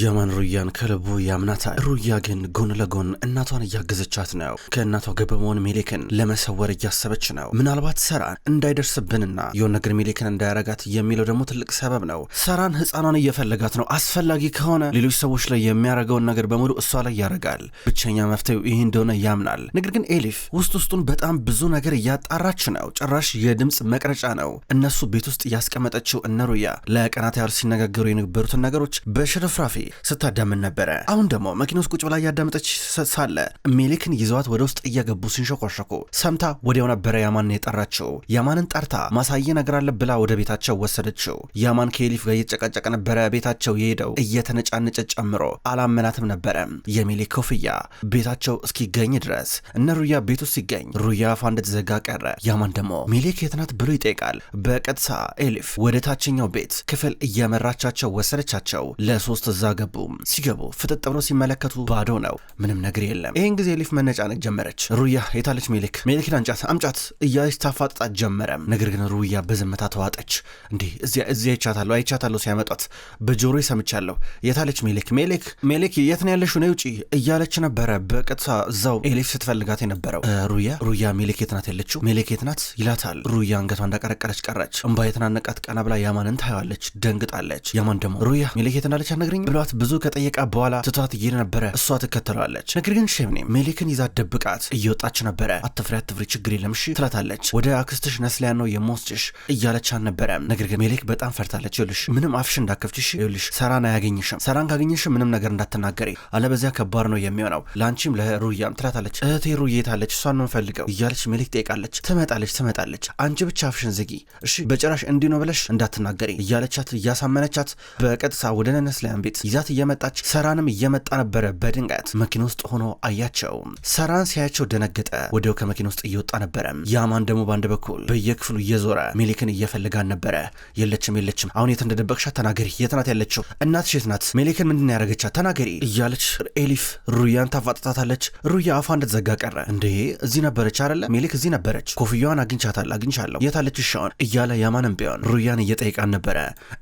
ያማን ሩያን ከልቡ ያምናታል። ሩያ ግን ጎን ለጎን እናቷን እያገዘቻት ነው። ከእናቷ ጋር በመሆን ሜሌክን ለመሰወር እያሰበች ነው። ምናልባት ሰራን እንዳይደርስብንና የሆነ ነገር ሜሌክን እንዳያረጋት የሚለው ደግሞ ትልቅ ሰበብ ነው። ሰራን ህፃኗን እየፈለጋት ነው። አስፈላጊ ከሆነ ሌሎች ሰዎች ላይ የሚያረገውን ነገር በሙሉ እሷ ላይ ያደርጋል። ብቸኛ መፍትሄው ይህ እንደሆነ ያምናል። ነገር ግን ኤሊፍ ውስጥ ውስጡን በጣም ብዙ ነገር እያጣራች ነው። ጭራሽ የድምፅ መቅረጫ ነው እነሱ ቤት ውስጥ ያስቀመጠችው። እነ ሩያ ለቀናት ያህል ሲነጋገሩ የነበሩትን ነገሮች በሽርፍራፊ ስታዳምን ነበረ። አሁን ደግሞ መኪና ውስጥ ቁጭ ብላ እያዳመጠች ሳለ ሜሊክን ይዘዋት ወደ ውስጥ እየገቡ ሲንሸኮሸኩ ሰምታ ወዲያው ነበረ ያማን የጠራችው። ያማንን ጠርታ ማሳየ ነገር አለ ብላ ወደ ቤታቸው ወሰደችው። ያማን ከኤሊፍ ጋር እየተጨቃጨቀ ነበረ ቤታቸው የሄደው እየተነጫነጨ ጨምሮ አላመናትም ነበረ። የሜሊክ ኮፍያ ቤታቸው እስኪገኝ ድረስ እነ ሩያ ቤቱ ሲገኝ ሩያ አፏ እንደተዘጋ ቀረ። ያማን ደግሞ ሜሌክ የትናት ብሎ ይጠይቃል። በቀጥታ ኤሊፍ ወደ ታችኛው ቤት ክፍል እየመራቻቸው ወሰደቻቸው። ለሶስት ወደዛ ገቡ። ሲገቡ ፍጥጥ ብሎ ሲመለከቱ ባዶ ነው፣ ምንም ነገር የለም። ይህን ጊዜ ሊፍ መነጫነቅ ጀመረች። ሩያ የታለች ሜሊክ? ሜሊክን አንጫት፣ አምጫት እያለች ታፋጥጣት ጀመረ። ነገር ግን ሩያ በዝምታ ተዋጠች። እንዲህ እዚያ እዚያ አይቻታለሁ አይቻታለሁ ሲያመጧት በጆሮ ይሰምቻለሁ። የታለች ሜሊክ? ሜሊክ ሜሊክ የት ነው ያለሽው? ነይ ውጪ እያለች ነበረ። በቀጥታ እዛው ኤሊፍ ስትፈልጋት የነበረው ሩያ ሩያ ሜሊክ የትናት ያለችው ሜሊክ የትናት ይላታል። ሩያ አንገቷ እንዳቀረቀረች ቀረች። እምባ የተናነቃት ቀና ብላ ያማንን ታየዋለች። ደንግጣለች። ያማን ደግሞ ሩያ ሜሊክ የትናለች አነግርኝ ብሏት ብዙ ከጠየቃ በኋላ ትቷት እየሄደ ነበረ። እሷ ትከተለዋለች። ነገር ግን ሸምኔ ሜሊክን ይዛ ደብቃት እየወጣች ነበረ። አትፍሪ አትፍሪ፣ ችግር የለም እሺ ትላታለች። ወደ አክስትሽ ነስሊያን ነው የምወስድሽ እያለች አልነበረም። ነገር ግን ሜሊክ በጣም ፈርታለች። ይኸውልሽ ምንም አፍሽ እንዳከፍችሽ ይኸውልሽ፣ ሰራን አያገኝሽም። ሰራን ካገኘሽ ምንም ነገር እንዳትናገሪ፣ አለበዚያ ከባድ ነው የሚሆነው ለአንቺም ለሩያም ትላታለች። እህቴ ሩዬ ታለች፣ እሷን ነው ፈልገው እያለች ሜሊክ ጠይቃለች። ትመጣለች ትመጣለች፣ አንቺ ብቻ አፍሽን ዝጊ እሺ፣ በጭራሽ እንዲህ ነው ብለሽ እንዳትናገሪ እያለቻት እያሳመነቻት በቀጥታ ወደ ነስሊያን ቤት ይዛት እየመጣች ሰራንም እየመጣ ነበረ። በድንገት መኪና ውስጥ ሆኖ አያቸው። ሰራን ሲያያቸው ደነገጠ። ወዲያው ከመኪና ውስጥ እየወጣ ነበረ። ያማን ደግሞ በአንድ በኩል በየክፍሉ እየዞረ ሜሊክን እየፈለጋን ነበረ። የለችም የለችም፣ አሁን የት እንደደበቅሻት ተናገሪ፣ የት ናት ያለችው? እናትሽ የት ናት? ሜሊክን ምንድን ያደረገቻት? ተናገሪ እያለች ኤሊፍ ሩያን ታፋጥጣታለች። ሩያ አፏ እንደተዘጋ ቀረ። እንዴ እዚህ ነበረች አለ ሜሊክ፣ እዚህ ነበረች፣ ኮፍያዋን አግኝቻታል፣ አግኝቻለሁ፣ የታለች ሻውን እያለ ያማንም ቢሆን ሩያን እየጠይቃን ነበረ።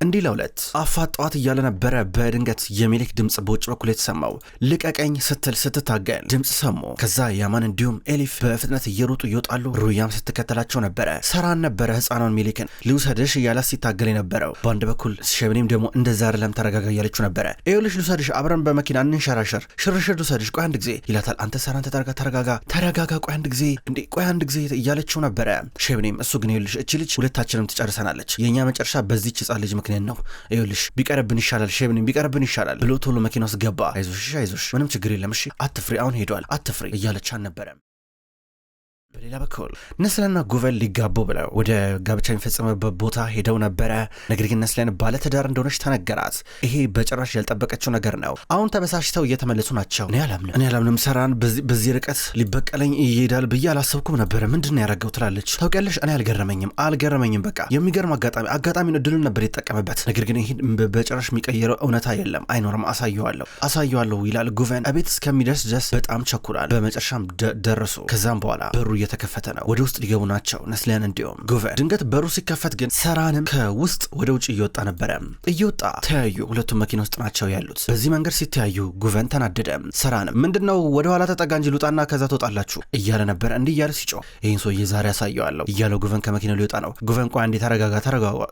እንዲህ ለሁለት አፋጠዋት እያለ ነበረ በድንገት ድንገት የሚሊክ ድምፅ በውጭ በኩል የተሰማው ልቀቀኝ ስትል ስትታገን ድምፅ ሰሙ። ከዛ ያማን እንዲሁም ኤሊፍ በፍጥነት እየሮጡ እየወጣሉ፣ ሩያም ስትከተላቸው ነበረ። ሰራን ነበረ ህፃኗን ሚሊክን ልውሰድሽ እያላት ሲታገል የነበረው። በአንድ በኩል ሸብኔም ደግሞ እንደዛ አይደለም ተረጋጋ እያለችው ነበረ። ይኸውልሽ ልውሰድሽ፣ አብረን በመኪና እንንሸራሸር፣ ሽርሽር ልውሰድሽ፣ ቆይ አንድ ጊዜ ይላታል። አንተ ሰራን ተጠርጋ ተረጋጋ፣ ተረጋጋ፣ ቆይ አንድ ጊዜ እንዴ፣ ቆይ አንድ ጊዜ እያለችው ነበረ። ሸብኔም እሱ ግን ይኸውልሽ፣ እቺ ልጅ ሁለታችንም ትጨርሰናለች። የእኛ መጨረሻ በዚች ህፃን ልጅ ምክንያት ነው። ይኸውልሽ ቢቀርብን ይሻላል፣ ሸብኔም ቢቀርብን ቢሆን ይሻላል ብሎ ቶሎ መኪና ውስጥ ገባ። አይዞሽ አይዞሽ፣ ምንም ችግር የለም እሺ፣ አትፍሪ፣ አሁን ሄዷል፣ አትፍሪ እያለቻን ነበረ። በሌላ በኩል ነስለና ጉቨን ሊጋቡ ብለው ወደ ጋብቻ የሚፈጸምበት ቦታ ሄደው ነበረ። ነገር ግን ነስለን ባለትዳር እንደሆነች ተነገራት። ይሄ በጭራሽ ያልጠበቀችው ነገር ነው። አሁን ተበሳሽተው እየተመለሱ ናቸው። እኔ አላምንም፣ እኔ አላምንም፣ ሰራን በዚህ ርቀት ሊበቀለኝ ይሄዳል ብዬ አላሰብኩም ነበረ። ምንድን ነው ያደረገው ትላለች። ታውቂያለሽ፣ እኔ አልገረመኝም፣ አልገረመኝም። በቃ የሚገርም አጋጣሚ አጋጣሚን እድሉን ነበር የተጠቀመበት። ነገር ግን ይህን በጭራሽ የሚቀየረው እውነታ የለም፣ አይኖርም። አሳየዋለሁ፣ አሳየዋለሁ ይላል ጉቨን። እቤት እስከሚደርስ ድረስ በጣም ቸኩላል። በመጨረሻም ደረሱ። ከዛም በኋላ በሩ እየተከፈተ ነው። ወደ ውስጥ ሊገቡ ናቸው ነስሊያን እንዲሁም ጉቨር። ድንገት በሩ ሲከፈት ግን ሰራንም ከውስጥ ወደ ውጭ እየወጣ ነበረ። እየወጣ ተያዩ። ሁለቱም መኪና ውስጥ ናቸው ያሉት። በዚህ መንገድ ሲተያዩ ጉቨን ተናደደ። ሰራንም ምንድን ነው ወደ ኋላ ተጠጋ እንጂ ልውጣና ከዛ ትወጣላችሁ እያለ ነበረ። እንዲህ እያለ ሲጮህ ይህን ሰውዬ ዛሬ ያሳየዋለሁ እያለው ጉቨን ከመኪና ሊወጣ ነው። ጉቨን ቆይ አንዴ ተረጋጋ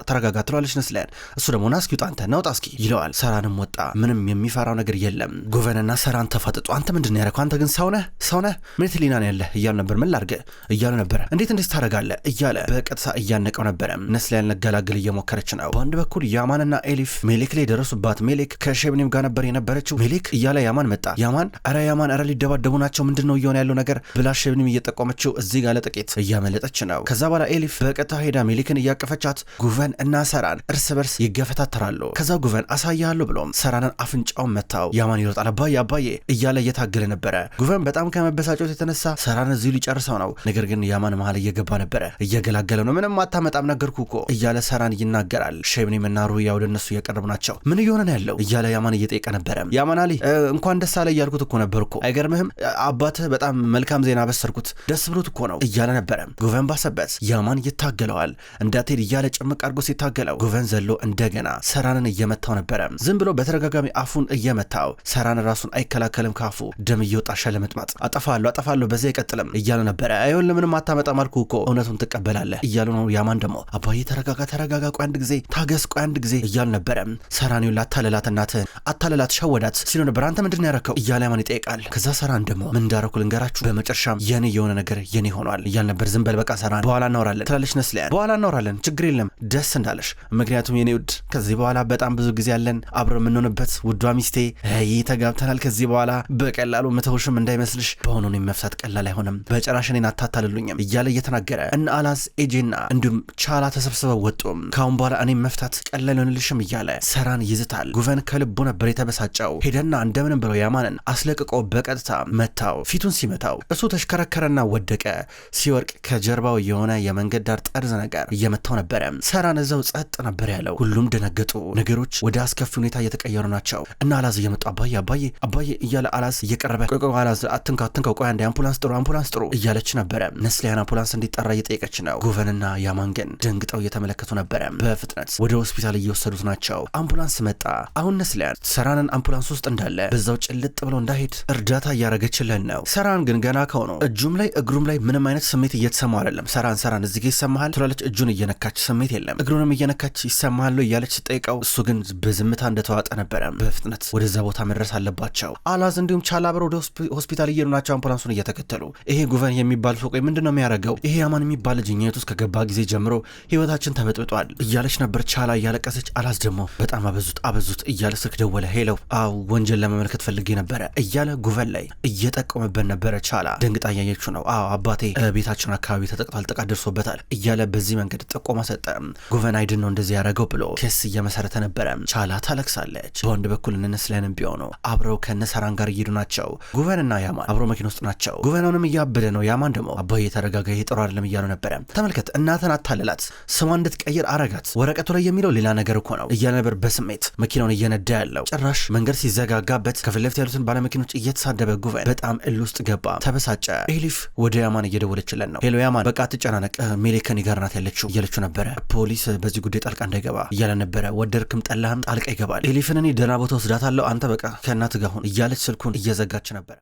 ተረጋጋ ትለዋለች ነስሊያን። እሱ ደግሞ ና እስኪ ውጣ አንተ ና እስኪ ይለዋል። ሰራንም ወጣ። ምንም የሚፈራው ነገር የለም። ጉቨንና ሰራን ተፋጠጡ። አንተ ምንድን ነው ያደረከው? አንተ ግን ሰውነህ ሰውነህ ምን ትሊና ነው ያለህ እያሉ ነበር። ምን ላርገ እያሉ ነበረ። እንዴት እንዴት ታደርጋለህ እያለ በቀጥታ እያነቀው ነበረ። ነስሊያን ልገላግል እየሞከረች ነው። በአንድ በኩል ያማንና ኤሊፍ ሜሌክ ላይ ደረሱባት። ሜሌክ ከሸብኒም ጋር ነበር የነበረችው። ሜሌክ እያለ ያማን መጣ። ያማን ኧረ ያማን ኧረ ሊደባደቡ ናቸው ምንድን ነው እየሆነ ያለው ነገር ብላ ሸብኒም እየጠቆመችው እዚህ ጋር ለጥቂት እያመለጠች ነው። ከዛ በኋላ ኤሊፍ በቀጥታ ሄዳ ሜሌክን እያቀፈቻት ጉቨን እና ሰራን እርስ በርስ ይገፈታተራሉ። ከዛ ጉቨን አሳያለሁ ብሎም ሰራንን አፍንጫውን መታው። ያማን ይሮጣል አባዬ አባዬ እያለ እየታገለ ነበረ። ጉቨን በጣም ከመበሳጨት የተነሳ ሰራን እዚሁ ሊጨርሰው ነው ነው። ነገር ግን ያማን መሀል እየገባ ነበረ። እየገላገለ ነው። ምንም አታመጣም ነገርኩ እኮ እያለ ሰራን ይናገራል። ሸብኔም እና ሩህያ ወደ እነሱ እየቀረቡ ናቸው። ምን እየሆነ ነው ያለው እያለ ያማን እየጠየቀ ነበረ። ያማን አሊ እንኳን ደስ አለ እያልኩት እኮ ነበር እኮ አይገርምህም? አባትህ በጣም መልካም ዜና በሰርኩት ደስ ብሎት እኮ ነው እያለ ነበረ። ጉቨን ባሰበት። ያማን ይታገለዋል። እንዳትሄድ እያለ ጭምቅ አድርጎ ሲታገለው ጉቨን ዘሎ እንደገና ሰራንን እየመታው ነበረ። ዝም ብሎ በተደጋጋሚ አፉን እየመታው ሰራን ራሱን አይከላከልም። ካፉ ደም እየወጣ ሸለመጥማጥ አጠፋለሁ አጠፋለሁ በዚያ አይቀጥልም እያለ ነበረ። አይሆን ለምንም አታመጣም ማልኩ እኮ እውነቱን ትቀበላለህ እያሉ ነው። ያማን ደግሞ አባዬ ተረጋጋ፣ ተረጋጋ፣ ቆይ አንድ ጊዜ ታገስ፣ ቆይ አንድ ጊዜ እያሉ ነበረ። ሰራኒውን ላታለላት እናትህን አታለላት ሸወዳት ሲሉ ነበር። አንተ ምንድን ያረከው እያለ ያማን ይጠይቃል። ከዛ ሰራን ደግሞ ምን እንዳረኩ ልንገራችሁ፣ በመጨረሻም የኔ የሆነ ነገር የኔ ሆኗል እያል ነበር። ዝም በል በቃ ሰራን፣ በኋላ እናወራለን ትላለች ነስሊያን። በኋላ እናወራለን ችግር የለም ደስ እንዳለሽ ምክንያቱም የኔ ውድ ከዚህ በኋላ በጣም ብዙ ጊዜ ያለን አብረ የምንሆንበት ውዷ ሚስቴ ይህ ተጋብተናል። ከዚህ በኋላ በቀላሉ መተውሽም እንዳይመስልሽ በሆኑን የመፍታት ቀላል አይሆንም። በጭራሽ እኔን አታታልሉኝም እያለ እየተናገረ እነ አላዝ ኤጄና እንዲሁም ቻላ ተሰብስበው ወጡ። ካሁን በኋላ እኔም መፍታት ቀለልንልሽም እያለ ሰራን ይዝታል። ጉቨን ከልቡ ነበር የተበሳጨው። ሄደና እንደምንም ብለው ያማንን አስለቅቆ በቀጥታ መታው። ፊቱን ሲመታው እሱ ተሽከረከረና ወደቀ። ሲወርቅ ከጀርባው የሆነ የመንገድ ዳር ጠርዝ ነገር እየመታው ነበረ። ሰራን እዛው ጸጥ ነበር ያለው። ሁሉም ደነገጡ። ነገሮች ወደ አስከፊ ሁኔታ እየተቀየሩ ናቸው እና አላዝ እየመጡ አባዬ አባዬ አባዬ እያለ አላዝ እየቀረበ ቆይ ቆይ አላዝ አትንካ አትንካ ቆይ አንድ አምቡላንስ ጥሩ አምቡላንስ ጥሩ እያለች ነበረ። ነስሊሀና አምቡላንስ እንዲጠራ እየጠየቀች ነው። ጉቨንና ግን ደንግጠው እየተመለከቱ ነበረ። በፍጥነት ወደ ሆስፒታል እየወሰዱት ናቸው። አምቡላንስ መጣ። አሁን ነስሊያን ሰራንን አምቡላንስ ውስጥ እንዳለ በዛው ጭልጥ ብሎ እንዳሄድ እርዳታ እያረገችለን ነው። ሰራን ግን ገና ከሆኑ እጁም ላይ እግሩም ላይ ምንም አይነት ስሜት እየተሰማው አይደለም። ሰራን ሰራን እዚህ ይሰማሃል ትላለች። እጁን እየነካች ስሜት የለም። እግሩንም እየነካች ይሰማሃል እያለች ስጠይቀው እሱ ግን በዝምታ እንደተዋጠ ነበረ። በፍጥነት ወደዛ ቦታ መድረስ አለባቸው። አላዝ እንዲሁም ቻላ ወደ ሆስፒታል እየሄዱ ናቸው። አምቡላንሱን እየተከተሉ ይሄ ጉቨን የሚ የሚባል ፎቅ ምንድን ነው የሚያደርገው? ይሄ ያማን የሚባል ልጅ እኛ ቤት ውስጥ ከገባ ጊዜ ጀምሮ ህይወታችን ተበጥብጧል እያለች ነበር ቻላ እያለቀሰች። አላዝ ደግሞ በጣም አበዙት አበዙት እያለ ስልክ ደወለ። ሄለው አው ወንጀል ለመመልከት ፈልጌ ነበረ እያለ ጉቨን ላይ እየጠቆመበት ነበረ። ቻላ ደንግጣ እያየችው ነው። አዎ አባቴ ቤታችን አካባቢ ተጠቅቷል፣ ጥቃት ደርሶበታል እያለ በዚህ መንገድ ጠቆማ ሰጠ። ጉቨን አይድን ነው እንደዚህ ያደረገው ብሎ ክስ እየመሰረተ ነበረ። ቻላ ታለቅሳለች። በወንድ በኩል እንነስለንም ቢሆኑ አብረው ከነሰራን ጋር እየሄዱ ናቸው። ጉቨንና ያማን አብረው መኪና ውስጥ ናቸው። ጉቨናውንም እያበደ ነው ያማን ሮማን ደግሞ አባዬ ተረጋጋ፣ ይሄ ጥሩ አይደለም እያሉ ነበረ። ተመልከት፣ እናተን አታለላት፣ ስሟ እንድትቀይር አረጋት። ወረቀቱ ላይ የሚለው ሌላ ነገር እኮ ነው እያለ ነበር በስሜት መኪናውን እየነዳ ያለው። ጭራሽ መንገድ ሲዘጋጋበት ከፊት ለፊት ያሉትን ባለመኪኖች እየተሳደበ ጉቨን በጣም እል ውስጥ ገባ፣ ተበሳጨ። ኤሊፍ ወደ ያማን እየደወለችለን ነው። ሄሎ ያማን፣ በቃ ትጨናነቅ፣ ሜሌከን ይገርናት ያለችው እያለችው ነበረ። ፖሊስ በዚህ ጉዳይ ጣልቃ እንዳይገባ እያለ ነበረ። ወደድክም ጠላህም ጣልቃ ይገባል። ኤሊፍን እኔ ደህና ቦታ ወስዳታለሁ፣ አንተ በቃ ከእናት ጋር ሁን እያለች ስልኩን እየዘጋች ነበረ።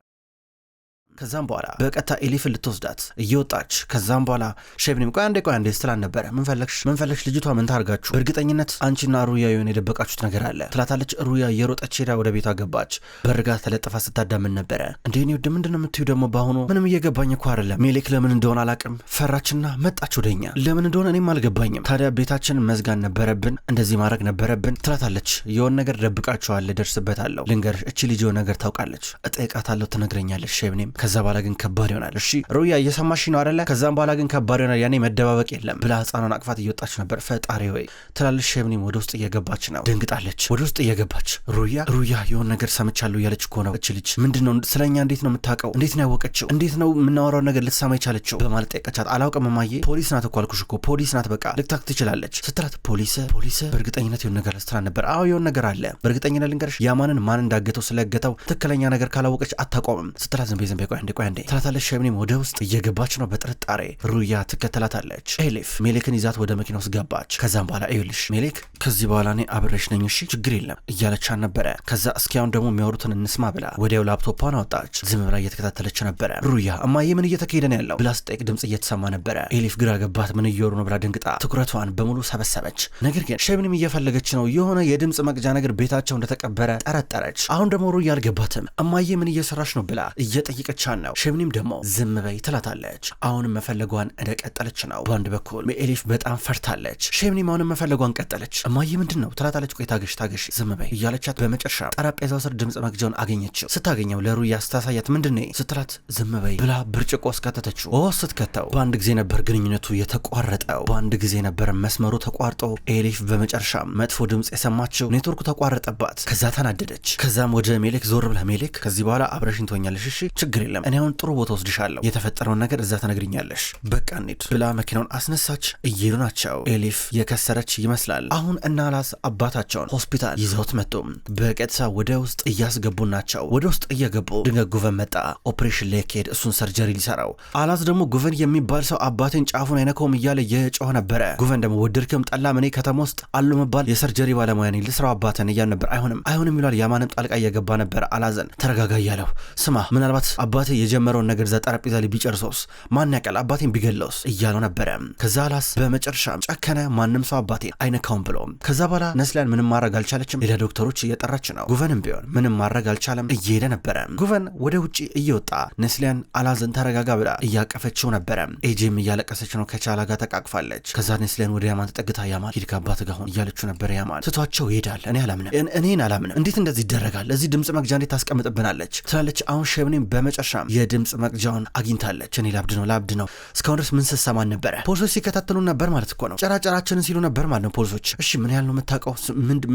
ከዛም በኋላ በቀጥታ ኤሊፍን ልትወስዳት እየወጣች ከዛም በኋላ ሸብኒም ቆይ አንዴ ቆይ አንዴ ስትላን ነበረ። ምንፈለግሽ ምንፈለግሽ ልጅቷ ምን ታርጋችሁ? በእርግጠኝነት አንቺና ሩያ የሆነ የደበቃችሁት ነገር አለ ትላታለች። ሩያ እየሮጠች ሄዳ ወደ ቤቷ ገባች። በርጋ ተለጥፋ ስታዳምን ነበረ። እንዴ እኔ ውድ ምንድን ነው የምትዩ ደግሞ በአሁኑ ምንም እየገባኝ እኮ አይደለም። ሜሌክ ለምን እንደሆነ አላቅም ፈራችና መጣች ወደኛ። ለምን እንደሆነ እኔም አልገባኝም። ታዲያ ቤታችን መዝጋን ነበረብን፣ እንደዚህ ማድረግ ነበረብን ትላታለች። የሆን ነገር ደብቃችኋል፣ ደርስበታለሁ። ልንገርሽ፣ እቺ ልጅ ነገር ታውቃለች፣ እጠይቃታለሁ፣ ትነግረኛለች ሸብኔም ከዛ በኋላ ግን ከባድ ይሆናል። እሺ ሩያ እየሰማሽ ነው አደለ? ከዛም በኋላ ግን ከባድ ይሆናል። ያኔ መደባበቅ የለም ብላ ህፃኗን አቅፋት እየወጣች ነበር። ፈጣሪ ወይ ትላለች። ሸምኒም ወደ ውስጥ እየገባች ነው። ደንግጣለች። ወደ ውስጥ እየገባች ሩያ ሩያ የሆን ነገር ሰምቻለሁ እያለች እኮ ነው። እች ልጅ ምንድን ነው ስለኛ እንዴት ነው የምታውቀው? እንዴት ነው ያወቀችው? እንዴት ነው የምናወራው ነገር ልትሰማ የቻለችው? በማለት ጠየቀቻት። አላውቅም እማዬ፣ ፖሊስ ናት እኮ አልኩሽ እኮ ፖሊስ ናት፣ በቃ ልታክ ትችላለች ስትላት፣ ፖሊስ ፖሊስ በእርግጠኝነት የሆን ነገር ስትላት ነበር። አዎ የሆን ነገር አለ። በእርግጠኝነት ልንገርሽ፣ ያማንን ማን እንዳገተው ስለገተው ትክክለኛ ነገር ካላወቀች አታቆምም ስትላት፣ ዝም በይ ዝም ቆይ አንዴ ቆይ አንዴ ትላታለች። ወደ ውስጥ እየገባች ነው። በጥርጣሬ ሩያ ትከተላታለች። ኤሊፍ ሜሌክን ይዛት ወደ መኪና ውስጥ ገባች። ከዛም በኋላ ይኸውልሽ ሜሌክ ከዚህ በኋላ እኔ አብሬሽ ነኝ እሺ ችግር የለም እያለቻን ነበረ። ከዛ እስኪያውን ደግሞ የሚያወሩትን እንስማ ብላ ወዲያው ላፕቶፓን አወጣች። ዝም ብላ እየተከታተለች ነበረ። ሩያ እማዬ ምን እየተካሄደ ነው ያለው ብላ ስጠይቅ ድምጽ እየተሰማ ነበረ። ኤሊፍ ግራ ገባት። ምን እየወሩ ነው ብላ ድንግጣ ትኩረቷን በሙሉ ሰበሰበች። ነገር ግን ሸምኔም እየፈለገች ነው። የሆነ የድምፅ መቅጃ ነገር ቤታቸው እንደተቀበረ ጠረጠረች። አሁን ደግሞ ሩያ አልገባትም። እማዬ ምን እየሰራች ነው ብላ እየጠየቀች እየፈለገቻን ነው። ሸምኒም ደግሞ ዝም በይ ትላታለች። አሁንም መፈለጓን እንደቀጠለች ነው። በአንድ በኩል ሜኤሊፍ በጣም ፈርታለች። ሸምኒም አሁንም መፈለጓን ቀጠለች። እማዬ ምንድን ነው ትላታለች። ቆይ ታገሽ ታገሽ ዝም በይ እያለቻት በመጨረሻ ጠረጴዛው ስር ድምፅ መግጃውን አገኘችው። ስታገኘው ለሩያ ስታሳያት ምንድን ስትላት ዝም በይ ብላ ብርጭቆ አስከተተችው። ኦ ስትከተው በአንድ ጊዜ ነበር ግንኙነቱ የተቋረጠው። በአንድ ጊዜ ነበር መስመሩ ተቋርጦ ኤሊፍ በመጨረሻ መጥፎ ድምፅ የሰማችው። ኔትወርኩ ተቋረጠባት። ከዛ ተናደደች። ከዛም ወደ ሜሌክ ዞር ብላ ሜሌክ ከዚህ በኋላ አብረሽኝ ትሆኛለሽ እሺ ችግር የለም። እኔ አሁን ጥሩ ቦታ ወስድሻለሁ፣ የተፈጠረውን ነገር እዛ ተነግርኛለሽ፣ በቃ እንሂድ ብላ መኪናውን አስነሳች። እየሄዱ ናቸው። ኤሊፍ የከሰረች ይመስላል። አሁን እናላስ አባታቸውን ሆስፒታል ይዘውት መጡ። በቀጥታ ወደ ውስጥ እያስገቡ ናቸው። ወደ ውስጥ እየገቡ ድንገት ጉቨን መጣ። ኦፕሬሽን ሌኬድ እሱን ሰርጀሪ ሊሰራው አላስ ደግሞ ጉቨን የሚባል ሰው አባቴን ጫፉን አይነከውም እያለ የጮኸ ነበረ። ጉቨን ደግሞ ወደድክም ጠላም እኔ ከተማ ውስጥ አሉ መባል የሰርጀሪ ባለሙያ ነኝ ልስራው አባትን እያል ነበር። አይሆንም አይሆንም ይሏል። ያማንም ጣልቃ እየገባ ነበር። አላዘን ተረጋጋ እያለው ስማ ምናልባት አባ አባቴ የጀመረውን ነገር ዛ ጠረጴዛ ላይ ቢጨርሰውስ ማን ያውቃል፣ አባቴን ቢገለውስ እያለው ነበረ። ከዛ አላስ በመጨረሻ ጨከነ። ማንም ሰው አባቴ አይነካውም ብሎ ከዛ በኋላ ነስሊያን ምንም ማድረግ አልቻለችም። ሌላ ዶክተሮች እየጠራች ነው። ጉቨንም ቢሆን ምንም ማድረግ አልቻለም። እየሄደ ነበረ። ጉቨን ወደ ውጭ እየወጣ ነስሊያን አላዘን ተረጋጋ ብላ እያቀፈችው ነበረ። ኤጂም እያለቀሰች ነው። ከቻላ ጋር ተቃቅፋለች። ከዛ ነስሊያን ወደ ያማን ተጠግታ ያማን ሂድ ከአባት ጋር ሁን እያለችው ነበረ። ያማን ትቷቸው ይሄዳል። እኔ አላምንም፣ እኔን አላምንም። እንዴት እንደዚህ ይደረጋል? እዚህ ድምፅ መግጃ እንዴት ታስቀምጥብናለች? ትላለች። አሁን ሸብኔም በመጨረሻ በመጨረሻም የድምፅ መቅጃውን አግኝታለች። እኔ ላብድ ነው ላብድ ነው እስካሁን ድረስ ምን ስሰማን ነበረ? ፖሊሶች ሲከታተሉ ነበር ማለት እኮ ነው። ጨራጨራችንን ሲሉ ነበር ማለት ነው ፖሊሶች። እሺ ምን ያህል ነው የምታውቀው?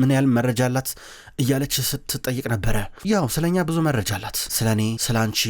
ምን ያህል መረጃ አላት? እያለች ስትጠይቅ ነበረ። ያው ስለኛ ብዙ መረጃ አላት፣ ስለ እኔ፣ ስለ አንቺ፣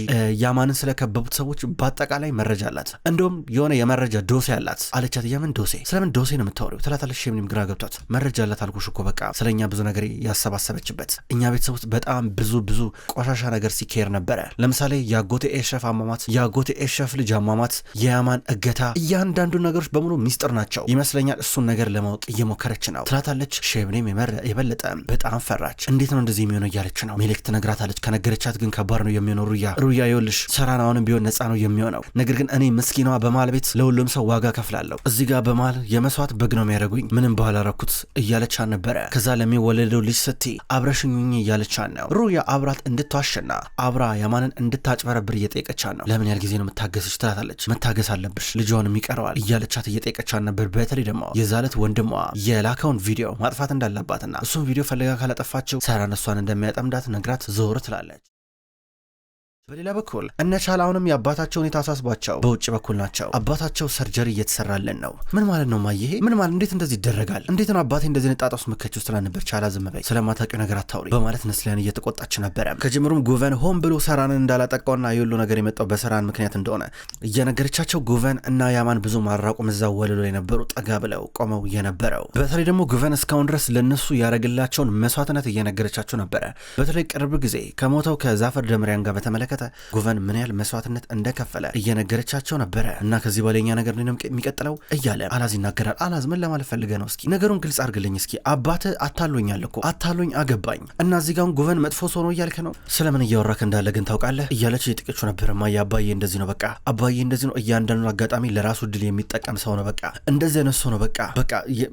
ያማንን ስለከበቡት ሰዎች በአጠቃላይ መረጃ አላት። እንደውም የሆነ የመረጃ ዶሴ አላት አለቻት። የምን ዶሴ? ስለምን ዶሴ ነው የምታወሪው? ትላታለች። ሸምኒም ግራ ገብቷት መረጃ አላት አልኩሽ እኮ በቃ ስለኛ ብዙ ነገር ያሰባሰበችበት እኛ ቤተሰብ ውስጥ በጣም ብዙ ብዙ ቆሻሻ ነገር ሲካሄድ ነበረ። ለምሳሌ የአጎቴ ኤርሸፍ አሟሟት፣ የአጎቴ ኤርሸፍ ልጅ አሟሟት፣ የያማን እገታ፣ እያንዳንዱ ነገሮች በሙሉ ሚስጥር ናቸው ይመስለኛል። እሱን ነገር ለማወቅ እየሞከረች ነው ትላታለች። ሼብኔም የበለጠ በጣም ፈራች። እንዴት ነው እንደዚህ የሚሆነው እያለች ነው። ሜሌክ ትነግራታለች። ከነገረቻት ግን ከባድ ነው የሚሆነው። ሩያ ሩያ ይኸውልሽ ሰራን አሁንም ቢሆን ነፃ ነው የሚሆነው። ነገር ግን እኔ ምስኪኗ በማል ቤት ለሁሉም ሰው ዋጋ ከፍላለሁ። እዚህ ጋር በማል የመስዋዕት በግ ነው የሚያደርጉኝ። ምንም ባላረኩት እያለች ነበረ። ከዛ ለሚወለደው ልጅ ስቲ አብረሽኙኝ እያለች ነው። ሩያ አብራት እንድትዋሽና አብራ የማንን እንድታጭ እያጭበረብር እየጠየቀቻት ነው። ለምን ያህል ጊዜ ነው የምታገስሽ ትላታለች። መታገስ አለብሽ ልጇንም ይቀረዋል እያለቻት እየጠየቀቻት ነበር። በተለይ ደግሞ የዛለት ወንድሟ የላከውን ቪዲዮ ማጥፋት እንዳለባትና እሱም ቪዲዮ ፈልጋ ካላጠፋቸው ሰራን እሷን እንደሚያጠምዳት ነግራት ዞር ትላለች። በሌላ በኩል እነ ቻል አሁንም የአባታቸው ሁኔታ አሳስቧቸው በውጭ በኩል ናቸው። አባታቸው ሰርጀሪ እየተሰራለን ነው። ምን ማለት ነው ማየሄ? ምን ማለት እንዴት እንደዚህ ይደረጋል? እንዴት ነው አባቴ እንደዚህ ንጣጣ ውስጥ መከች ውስጥ ላልነበር ቻላ ዝም በይ ስለማታውቂው ነገር አታውሪ በማለት ነስሊያን እየተቆጣች ነበረ። ከጀምሩም ጉቨን ሆን ብሎ ሰራንን እንዳላጠቀውና የሁሉ ነገር የመጣው በሰራን ምክንያት እንደሆነ እየነገረቻቸው ጉቨን እና ያማን ብዙ ማራቁ እዛ ወለሎ ላይ ነበሩ ጠጋ ብለው ቆመው የነበረው በተለይ ደግሞ ጉቨን እስካሁን ድረስ ለእነሱ ያደረግላቸውን መስዋዕትነት እየነገረቻቸው ነበረ። በተለይ ቅርብ ጊዜ ከሞተው ከዛፈር ደምሪያን ጋር በተመለከተ በተመለከተ ጉቨን ምን ያህል መስዋዕትነት እንደከፈለ እየነገረቻቸው ነበረ። እና ከዚህ በላይኛ ነገር ነው የሚቀጥለው እያለ አላዝ ይናገራል። አላዝ ምን ለማለት ፈልገ ነው? እስኪ ነገሩን ግልጽ አድርግልኝ። እስኪ አባት አታሎኛል እኮ አታሎኝ አገባኝ እና እዚህ ጋር ጉቨን መጥፎ ሰው ነው እያልከ ነው? ስለምን እያወራክ እንዳለ ግን ታውቃለህ? እያለች የጥቅችው ነበር። ማ አባዬ እንደዚህ ነው በቃ አባዬ እንደዚህ ነው። እያንዳንዱ አጋጣሚ ለራሱ ድል የሚጠቀም ሰው ነው በቃ እንደዚህ አይነት ሰው ነው በቃ በቃ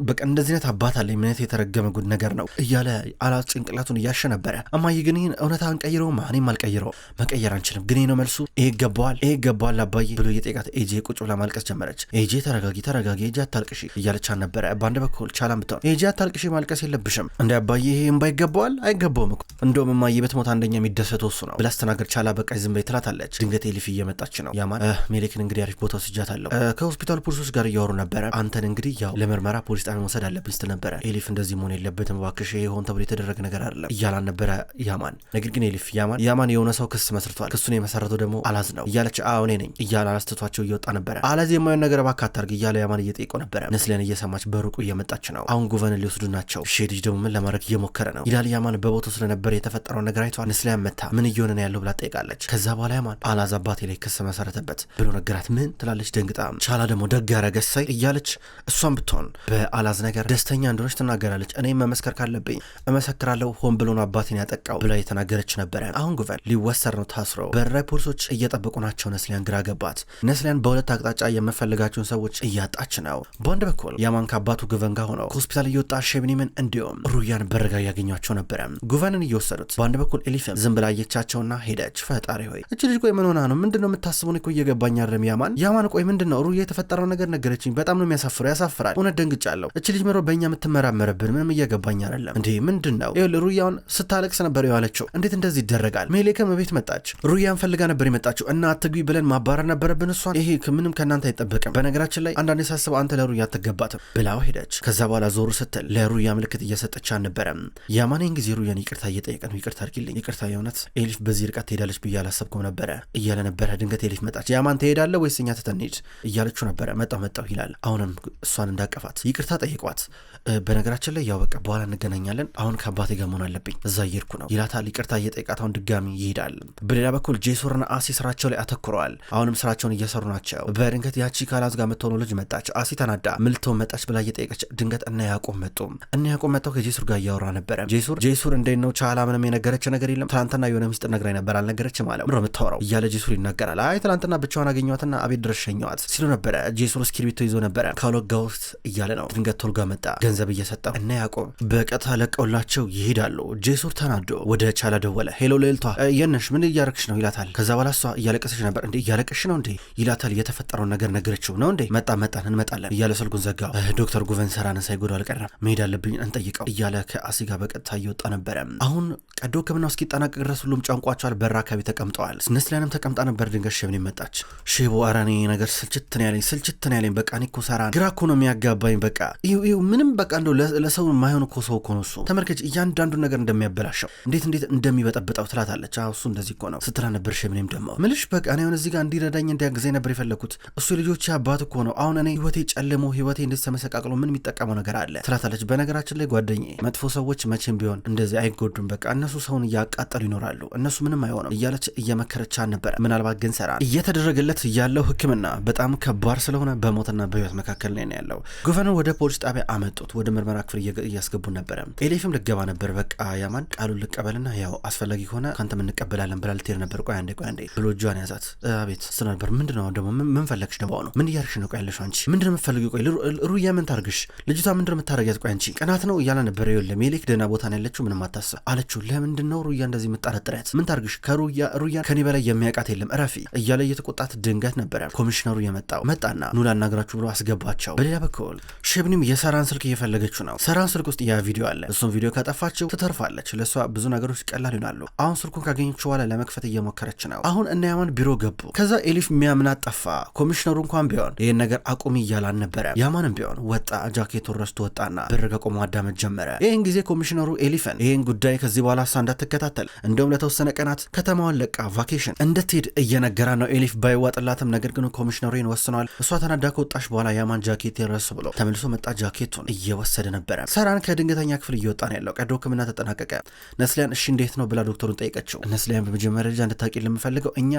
በቃ እንደዚህ አይነት አባት አለ ምነት የተረገመ ጉድ ነገር ነው እያለ አላዝ ጭንቅላቱን እያሸ ነበረ። እማዬ ግን ይህን እውነታ ቀይረውማ እኔም አልቀይረው መቀየር መናገር አንችልም፣ ግን ነው መልሱ። ይሄ ይገባዋል፣ ይሄ ይገባዋል አባዬ ብሎ እየጠየቃት ኤጄ ቁጭ ብላ ማልቀስ ጀመረች። ኤጄ ተረጋጊ፣ ተረጋጊ፣ ኤጄ አታልቅሺ እያለቻት ነበረ። በአንድ በኩል ቻላም ብትሆን ኤጄ አታልቅሺ፣ ማልቀስ የለብሽም እንደ አባዬ ይሄ እምባ ይገባዋል፣ አይገባውም እኮ እንደውም እማዬ ብትሞት አንደኛ የሚደሰተው እሱ ነው ብላ አስተናገር ቻላ በቃ ዝም በይ ትላታለች። ድንገት ኤሊፍ እየመጣች ነው። ያማን ሜሌክን እንግዲህ አሪፍ ቦታ ወስጃታለሁ። ከሆስፒታል ፖሊሶች ጋር እያወሩ ነበረ። አንተን እንግዲህ ያው ለምርመራ ፖሊስ ጣቢያ መውሰድ አለብን ስት ነበረ። ኤሊፍ እንደዚህ መሆን የለበትም እባክሽ፣ ይሄ ሆን ተብሎ የተደረገ ነገር አይደለም እያላን ነበረ ያማን። ነገር ግን ኤሊፍ ያማን ያማን የሆነ ሰው ክስ መስርቶ ተነስቷል። ክሱን የመሰረተው ደግሞ አላዝ ነው እያለች አዎ እኔ ነኝ እያለ አላዝ ትቷቸው እየወጣ ነበረ። አላዝ የማየውን ነገር እባክህ አታርግ እያለ ያማን እየጠይቆ ነበረ። ነስሊሀን እየሰማች በሩቁ እየመጣች ነው። አሁን ጉቨን ሊወስዱ ናቸው። ሼ ልጅ ደግሞ ምን ለማድረግ እየሞከረ ነው ይላል። ያማን በቦታው ስለነበረ የተፈጠረውን ነገር አይቷል። ነስሊሀን መታ ምን እየሆነ ነው ያለው ብላ ጠይቃለች። ከዛ በኋላ ያማን አላዝ አባቴ ላይ ክስ መሰረተበት ብሎ ነገራት። ምን ትላለች ደንግጣ። ቻላ ደግሞ ደግ ያረገሳይ እያለች እሷን ብትሆን በአላዝ ነገር ደስተኛ እንደሆነች ትናገራለች። እኔም መመስከር ካለብኝ እመሰክራለሁ ሆን ብሎን አባቴን ያጠቃው ብላ የተናገረች ነበረ። አሁን ጉቨን ሊወሰር ነው ታስ ተደፍረው በራይ ፖሊሶች እየጠበቁ ናቸው። ነስሊያን ግራ ገባት። ነስሊያን በሁለት አቅጣጫ የምፈልጋቸውን ሰዎች እያጣች ነው። በአንድ በኩል ያማን ከአባቱ ጉቨን ጋር ሆነው ከሆስፒታል እየወጣ ሸብኒምን እንዲሁም ሩያን በረጋ እያገኟቸው ነበረ። ጉቨንን እየወሰዱት በአንድ በኩል ኤሊፍም ዝም ብላ አየቻቸውና ሄደች። ፈጣሪ ሆይ እች ልጅ ቆይ ምን ሆና ነው? ምንድነው የምታስቡን? እኮ እየገባኝ አረም ያማን ያማን ቆይ ምንድን ነው? ሩያ የተፈጠረው ነገር ነገረችኝ። በጣም ነው የሚያሳፍረው። ያሳፍራል። እውነት ደንግጫለሁ። እች ልጅ ምሮ በእኛ የምትመራመርብን ምንም እየገባኝ አይደለም። እንዲህ ምንድን ነው? ሩያውን ስታለቅስ ነበር የዋለችው። እንዴት እንደዚህ ይደረጋል? ሜሌክም ቤት መጣች። ሩያን ፈልጋ ነበር የመጣችው እና አትግቢ ብለን ማባረር ነበረብን። እሷን ይሄ ምንም ከእናንተ አይጠበቅም። በነገራችን ላይ አንዳንድ ሳስበው አንተ ለሩያ አትገባትም ብላው ሄደች። ከዛ በኋላ ዞሩ ስትል ለሩያ ምልክት እየሰጠች አልነበረም። ያማኔን ጊዜ ሩያን ይቅርታ እየጠየቀ ነው። ይቅርታ አድርጊልኝ፣ ይቅርታ የእውነት ኤሊፍ በዚህ ርቀት ትሄዳለች ብዬ አላሰብኩም ነበረ እያለ ነበረ። ድንገት ኤሊፍ መጣች። ያማን ትሄዳለ ወይስ እኛ ትተን እያለችው ነበረ። መጣው መጣው ይላል። አሁንም እሷን እንዳቀፋት ይቅርታ ጠይቋት። በነገራችን ላይ ያው በቃ በኋላ እንገናኛለን። አሁን ከአባቴ ጋር መሆን አለብኝ፣ እዛ እየሄድኩ ነው ይላታል። ይቅርታ እየጠየቃት አሁን ድጋሚ ይሄዳል። በሌላ በኩል ጄሱርና አሲ ስራቸው ላይ አተኩረዋል። አሁንም ስራቸውን እየሰሩ ናቸው። በድንገት ያቺ ካላዝ ጋር የምትሆነው ልጅ መጣች። አሲ ተናዳ ምን መጣች ብላ እየጠየቀች ድንገት እና ያዕቆብ መጡ። እና ያዕቆብ መጥተው ከጄሱር ጋር እያወራ ነበረ። ጄሱር ጄሱር እንዴት ነው ቻላ ምንም የነገረች ነገር የለም ትናንትና የሆነ ሚስጥር ነግራኝ ነበር አልነገረችም አለ ምሮ የምታወራው እያለ ጄሱር ይናገራል። አይ ትናንትና ብቻዋን አገኘዋትና አቤት ድረስ ሸኘዋት ሲሉ ነበረ። ጄሱር እስክሪብቶ ይዞ ነበረ ካልወጋ ውስጥ እያለ ነው። ድንገት ቶልጋ መጣ። ገንዘብ እየሰጠው እና ያዕቆብ በቀጥታ ለቀውላቸው ይሄዳሉ። ጄሱር ተናዶ ወደ ቻላ ደወለ። ሄሎ ሌልቷ የነሽ ምን እያረግሽ እያለቀሽ ነው ይላታል። ከዛ በኋላ እሷ እያለቀሰች ነበር እንዴ እያለቀሽ ነው እንዴ ይላታል። የተፈጠረውን ነገር ነገረችው። ነው እንዴ መጣ መጣን እንመጣለን እያለ ስልኩን ዘጋው። ዶክተር ጉቨን ሰራንን ሳይጎዳ አልቀረም። መሄድ አለብኝ እንጠይቀው እያለ ከአሲ ጋር በቀጥታ እየወጣ ነበረ። አሁን ቀዶ ሕክምናው እስኪጠናቀቅ ድረስ ሁሉም ጨንቋቸዋል። በር አካባቢ ተቀምጠዋል። ነስሊሀንም ተቀምጣ ነበር። ድንገት ሸብኔ መጣች። ሽቦ ኧረ ነገር ስልችትን ያለኝ ስልችትን ያለኝ በቃ እኔ እኮ ሰራን ግራ እኮ ነው የሚያጋባኝ በቃ ምንም በቃ እንደው ለሰው ማይሆን እኮ ሰው እኮ ነው እሱ ተመልከች እያንዳንዱን ነገር እንደሚያበላሸው እንዴት እንዴት እንደሚበጠብጠው ትላታለች። እሱ እንደዚህ እኮ ነው ስትራ ነበር ሸምኔም ደማ ምልሽ በቃ እኔ አሁን እዚህ ጋር እንዲረዳኝ እንዲያግዜ ነበር የፈለግኩት። እሱ ልጆች አባት እኮ ነው። አሁን እኔ ህይወቴ ጨልሞ ህይወቴ እንደዚህ ምን የሚጠቀመው ነገር አለ ትላታለች። በነገራችን ላይ ጓደኛዬ መጥፎ ሰዎች መቼም ቢሆን እንደዚህ አይጎዱም። በቃ እነሱ ሰውን እያቃጠሉ ይኖራሉ። እነሱ ምንም አይሆንም እያለች እየመከረቻ ነበረ። ምናልባት ግን ሰራ እየተደረገለት ያለው ህክምና በጣም ከባድ ስለሆነ በሞትና በህይወት መካከል ነው ያለው። ጉቨርነር ወደ ፖሊስ ጣቢያ አመጡት። ወደ ምርመራ ክፍል እያስገቡ ነበረ። ኤሌፍም ልገባ ነበር። በቃ ያማን ቃሉን ልቀበልና ያው አስፈላጊ ከሆነ ከአንተ ምንቀበላለን ብላል ስትል ነበር። ቆይ አንዴ ቆይ አንዴ ብሎ እጇን ያዛት። አቤት ስትል ነበር። ምንድን ነው ደግሞ ምን ፈለግሽ ደግሞ ነው? ምን እያርግሽ ነው? ቆይ ያለሽው አንቺ ምንድን ነው ቆይ ሩያ ምን ታርግሽ? ልጅቷ ምንድን ነው የምታረጊያት? ቆይ አንቺ ቀናት ነው እያለ ነበር። ይኸውልህ ሜሌክ ደህና ቦታ ነው ያለችው፣ ምንም አታስብ አለችው። ለምንድን ነው ሩያ እንደዚህ የምታረጥሪያት? ምን ታርግሽ? ከሩያ ሩያ ከኔ በላይ የሚያውቃት የለም እረፊ እያለ እየተቆጣት ድንገት ነበረ ኮሚሽነሩ የመጣው። መጣና ኑ ላናግራችሁ ብሎ አስገባቸው። በሌላ በኩል ሽብኒም የሰራን ስልክ እየፈለገችው ነው። ሰራን ስልክ ውስጥ ያ ቪዲዮ አለ። እሱም ቪዲዮ ካጠፋችው ትተርፋለች። ለእሷ ብዙ ነገሮች ቀላል ይሆናሉ። አሁን ስልኩን ካገኘች በኋላ ለመክፈት ለማጥፋት እየሞከረች ነው። አሁን እነ ያማን ቢሮ ገቡ። ከዛ ኤሊፍ ሚያምናት ጠፋ። ኮሚሽነሩ እንኳን ቢሆን ይህን ነገር አቁሚ እያለ አልነበረም። ያማንም ቢሆን ወጣ፣ ጃኬቱን ረስቶ ወጣና ብር ከቆሞ አዳመጥ ጀመረ። ይህን ጊዜ ኮሚሽነሩ ኤሊፍን ይህን ጉዳይ ከዚህ በኋላ እሷ እንዳትከታተል እንደውም ለተወሰነ ቀናት ከተማዋን ለቃ ቫኬሽን እንድትሄድ እየነገራ ነው። ኤሊፍ ባይዋጥላትም ነገር ግን ኮሚሽነሩ ይህን ወስነዋል። እሷ ተናዳ ከወጣሽ በኋላ ያማን ጃኬት ረሱ ብሎ ተመልሶ መጣ። ጃኬቱን እየወሰደ ነበረ። ሰራን ከድንገተኛ ክፍል እየወጣ ነው ያለው። ቀዶ ሕክምና ተጠናቀቀ። ነስሊያን እሺ እንዴት ነው ብላ ዶክተሩን ጠይቀችው። ነስሊያን በመጀመሪያ ደረጃ እንድታቂ ለምፈልገው እኛ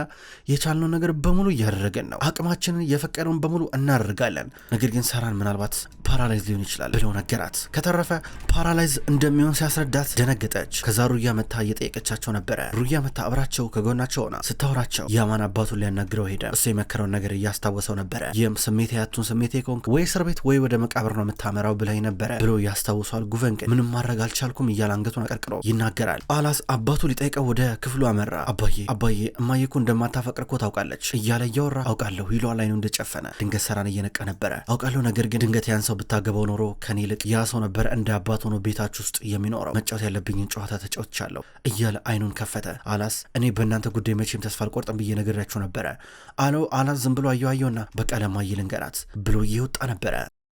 የቻልነው ነገር በሙሉ እያደረገን ነው። አቅማችንን የፈቀደውን በሙሉ እናደርጋለን። ነገር ግን ሰራን ምናልባት ፓራላይዝ ሊሆን ይችላል ብለው ነገራት። ከተረፈ ፓራላይዝ እንደሚሆን ሲያስረዳት ደነገጠች። ከዛ ሩያ መታ እየጠየቀቻቸው ነበረ። ሩያ መታ አብራቸው ከጎናቸው ሆና ስታወራቸው ያማን አባቱን ሊያናግረው ሄደ። እሱ የመከረውን ነገር እያስታወሰው ነበረ። ይህም ስሜት ያቱን ስሜት ከሆንክ ወይ እስር ቤት ወይ ወደ መቃብር ነው የምታመራው ብላይ ነበረ ብሎ ያስታውሷል። ጉቨን ግን ምንም ማድረግ አልቻልኩም እያለ አንገቱን አቀርቅሮ ይናገራል። አላስ አባቱ ሊጠይቀው ወደ ክፍሉ አመራ። አባዬ አባዬ እማዬ እኮ እንደማታፈቅር እኮ ታውቃለች እያለ እያወራ አውቃለሁ ይሏ ላይ ነው እንደጨፈነ ድንገት ሰራን እየነቃ ነበረ። አውቃለሁ ነገር ግን ድንገት ያን ሰው ብታገባው ኖሮ ከኔ ይልቅ ያ ሰው ነበር እንደ አባት ሆኖ ቤታች ውስጥ የሚኖረው መጫወት ያለብኝን ጨዋታ ተጫወትቻለሁ እያለ አይኑን ከፈተ። አላስ እኔ በእናንተ ጉዳይ መቼም ተስፋ አልቆርጥም ብዬ ነግሬያችሁ ነበረ አለው። አላስ ዝም ብሎ አየው አየውና በቀለማ ለማየ ብሎ እየወጣ ነበረ።